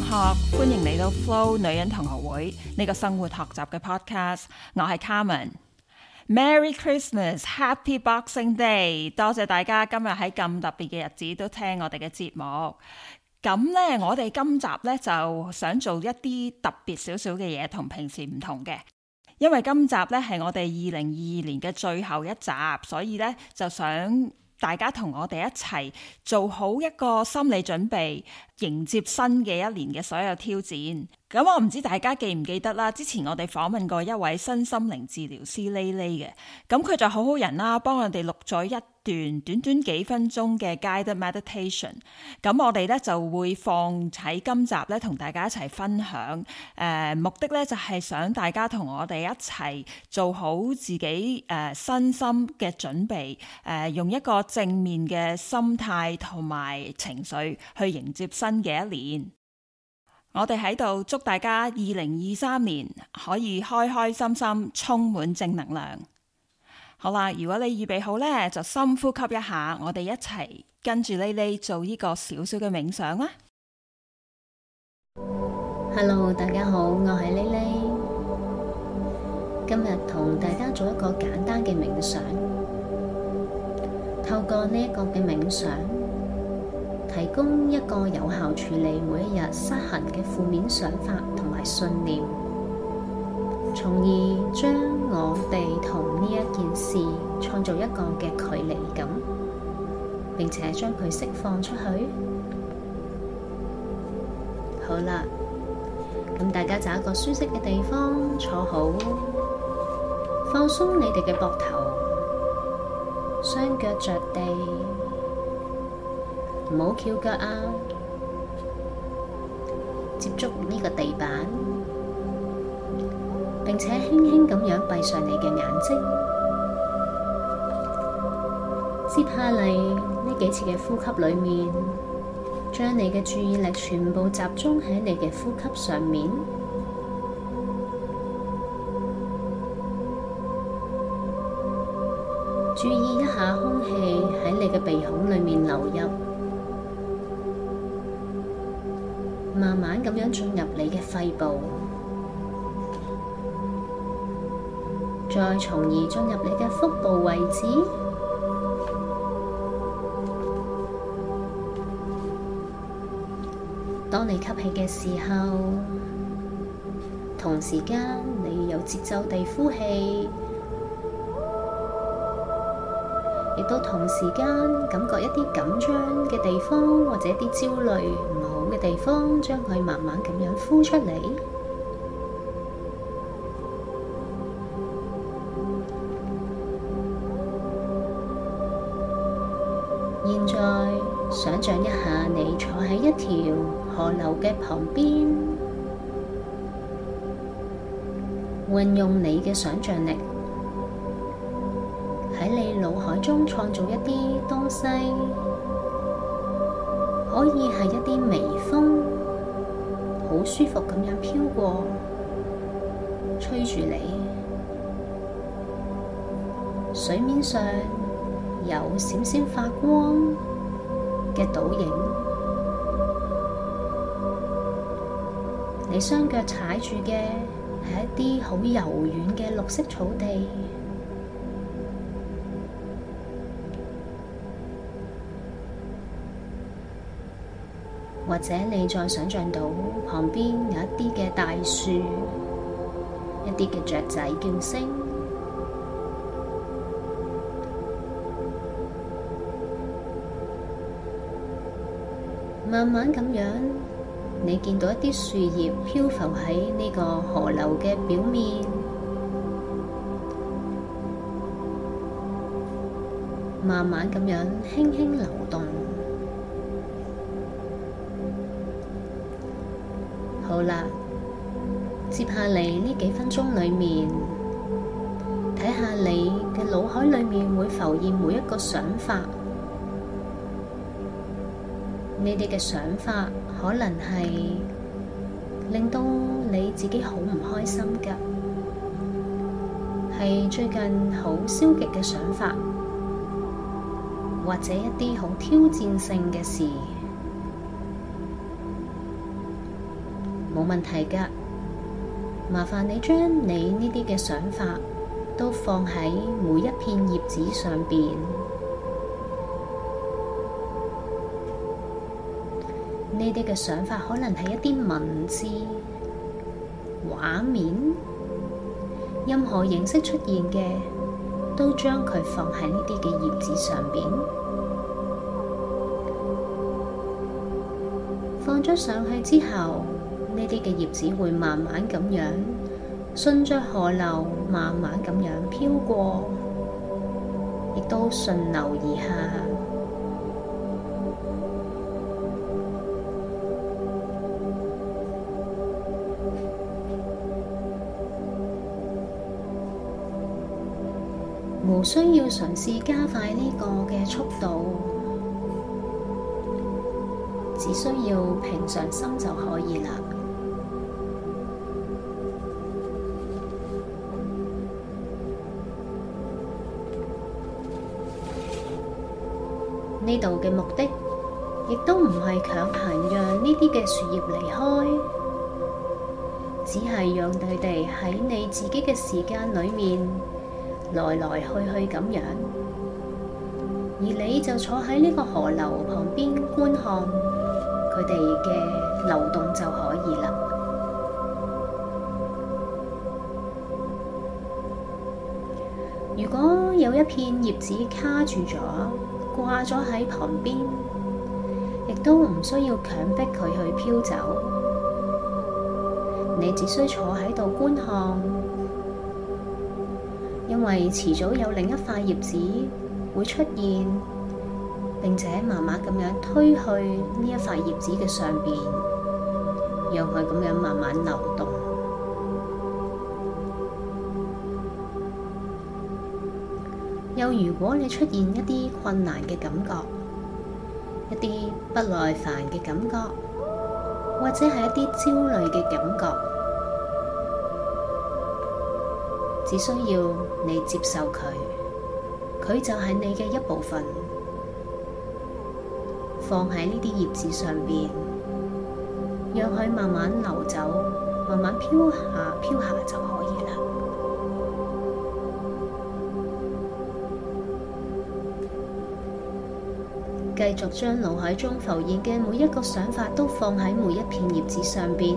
同學，歡迎嚟到 Flo 女人同學會呢個生活學習嘅 podcast，我係 Carmen，Merry Christmas，Happy Boxing Day，多謝大家今日喺咁特別嘅日子都聽我哋嘅節目。咁呢，我哋今集呢就想做一啲特別少少嘅嘢，同平時唔同嘅，因為今集呢係我哋二零二二年嘅最後一集，所以呢就想。大家同我哋一齊做好一個心理準備，迎接新嘅一年嘅所有挑戰。咁我唔知大家記唔記得啦，之前我哋訪問過一位身心靈治療師 Laylay 嘅，咁佢就好好人啦，幫我哋錄咗一段短短幾分鐘嘅 guided meditation，咁我哋呢就會放喺今集呢，同大家一齊分享，誒、呃、目的呢，就係、是、想大家同我哋一齊做好自己誒、呃、身心嘅準備，誒、呃、用一個正面嘅心態同埋情緒去迎接新嘅一年。我哋喺度祝大家二零二三年可以開開心心，充滿正能量。好啦，如果你預備好呢，就深呼吸一下，我哋一齊跟住 Laylay 做呢個小小嘅冥想啦。Hello，大家好，我係 Laylay，今日同大家做一個簡單嘅冥想，透過呢一個嘅冥想。提供一個有效處理每一日失衡嘅負面想法同埋信念，從而將我哋同呢一件事創造一個嘅距離感，並且將佢釋放出去。好啦，咁大家找一個舒適嘅地方坐好，放鬆你哋嘅膊頭，雙腳着地。唔好翹腳啊！接觸呢個地板，並且輕輕咁樣閉上你嘅眼睛。 接下嚟呢幾次嘅呼吸裏面，將你嘅注意力全部集中喺你嘅呼吸上面， 注意一下空氣喺你嘅鼻孔裏面流入。慢慢咁樣進入你嘅肺部，再從而進入你嘅腹部位置。當你吸氣嘅時候，同時間你有節奏地呼氣，亦都同時間感覺一啲緊張嘅地方，或者一啲焦慮。地方將佢慢慢咁樣呼出嚟。現在想象一下，你坐喺一條河流嘅旁邊，運用你嘅想象力喺你腦海中創造一啲東西。可以係一啲微風，好舒服咁樣飄過，吹住你。水面上有閃閃發光嘅倒影，你雙腳踩住嘅係一啲好柔軟嘅綠色草地。或者你再想象到旁邊有一啲嘅大樹，一啲嘅雀仔叫聲，慢慢咁樣，你見到一啲樹葉漂浮喺呢個河流嘅表面，慢慢咁樣輕輕流動。好啦，接下嚟呢幾分鐘裏面，睇下你嘅腦海裏面會浮現每一個想法。你哋嘅想法可能係令到你自己好唔開心㗎，係最近好消極嘅想法，或者一啲好挑戰性嘅事。冇問題噶，麻煩你將你呢啲嘅想法都放喺每一片葉子上邊。呢啲嘅想法可能係一啲文字、畫面，任何形式出現嘅，都將佢放喺呢啲嘅葉子上邊。放咗上去之後。呢啲嘅葉子會慢慢咁樣，順着河流慢慢咁樣飄過，亦都順流而下。無需要嘗試加快呢個嘅速度，只需要平常心就可以啦。呢度嘅目的，亦都唔係強行讓呢啲嘅樹葉離開，只係讓佢哋喺你自己嘅時間裏面來來去去咁樣，而你就坐喺呢個河流旁邊觀看佢哋嘅流動就可以啦。如果有一片葉子卡住咗。掛咗喺旁邊，亦都唔需要強迫佢去飄走。你只需坐喺度觀看，因為遲早有另一塊葉子會出現，並且慢慢咁樣推去呢一塊葉子嘅上面，讓佢咁樣慢慢流動。又如果你出現一啲困難嘅感覺，一啲不耐煩嘅感覺，或者係一啲焦慮嘅感覺，只需要你接受佢，佢就係你嘅一部分，放喺呢啲葉子上面，讓佢慢慢流走，慢慢飄下飄下就可以啦。繼續將腦海中浮現嘅每一個想法都放喺每一片葉子上面，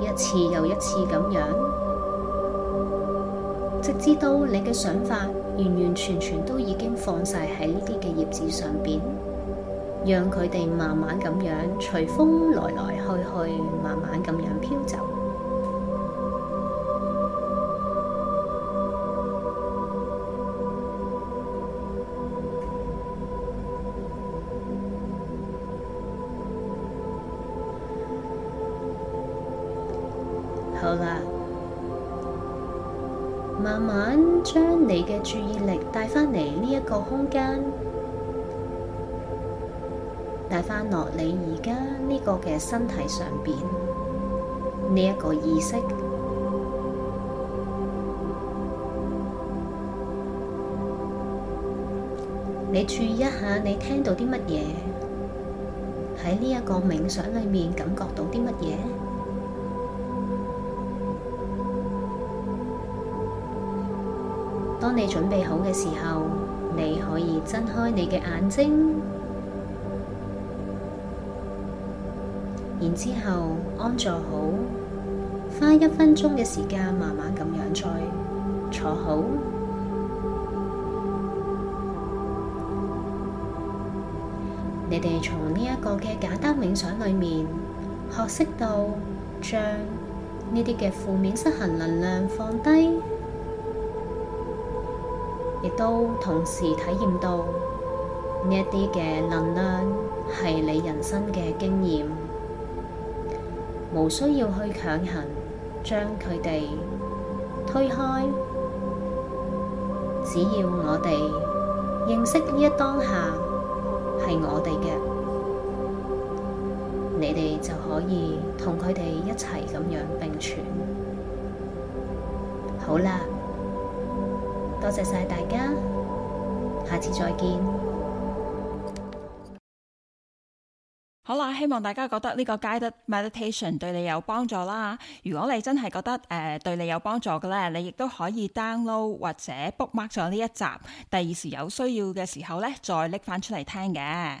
一次又一次咁樣，直至到你嘅想法完完全全都已經放晒喺呢啲嘅葉子上面，讓佢哋慢慢咁樣隨風來來去去，慢慢咁樣飄走。好啦，慢慢將你嘅注意力帶返嚟呢一個空間，帶返落你而家呢個嘅身體上邊呢一個意識。你注意一下，你聽到啲乜嘢？喺呢一個冥想裏面感覺到啲乜嘢？當你準備好嘅時候，你可以睜開你嘅眼睛，然之後安坐好，花一分鐘嘅時間慢慢咁樣再坐好。你哋從呢一個嘅簡單冥想裏面學識到，將呢啲嘅負面失衡能量放低。亦都同時體驗到呢一啲嘅能量係你人生嘅經驗，無需要去強行將佢哋推開。只要我哋認識呢一當下係我哋嘅，你哋就可以同佢哋一齊咁樣並存。好啦。多謝晒大家，下次再見。好啦，希望大家覺得呢個 guided meditation 對你有幫助啦。如果你真係覺得誒、呃、對你有幫助嘅咧，你亦都可以 download 或者 bookmark 咗呢一集，第二時有需要嘅時候咧，再拎翻出嚟聽嘅。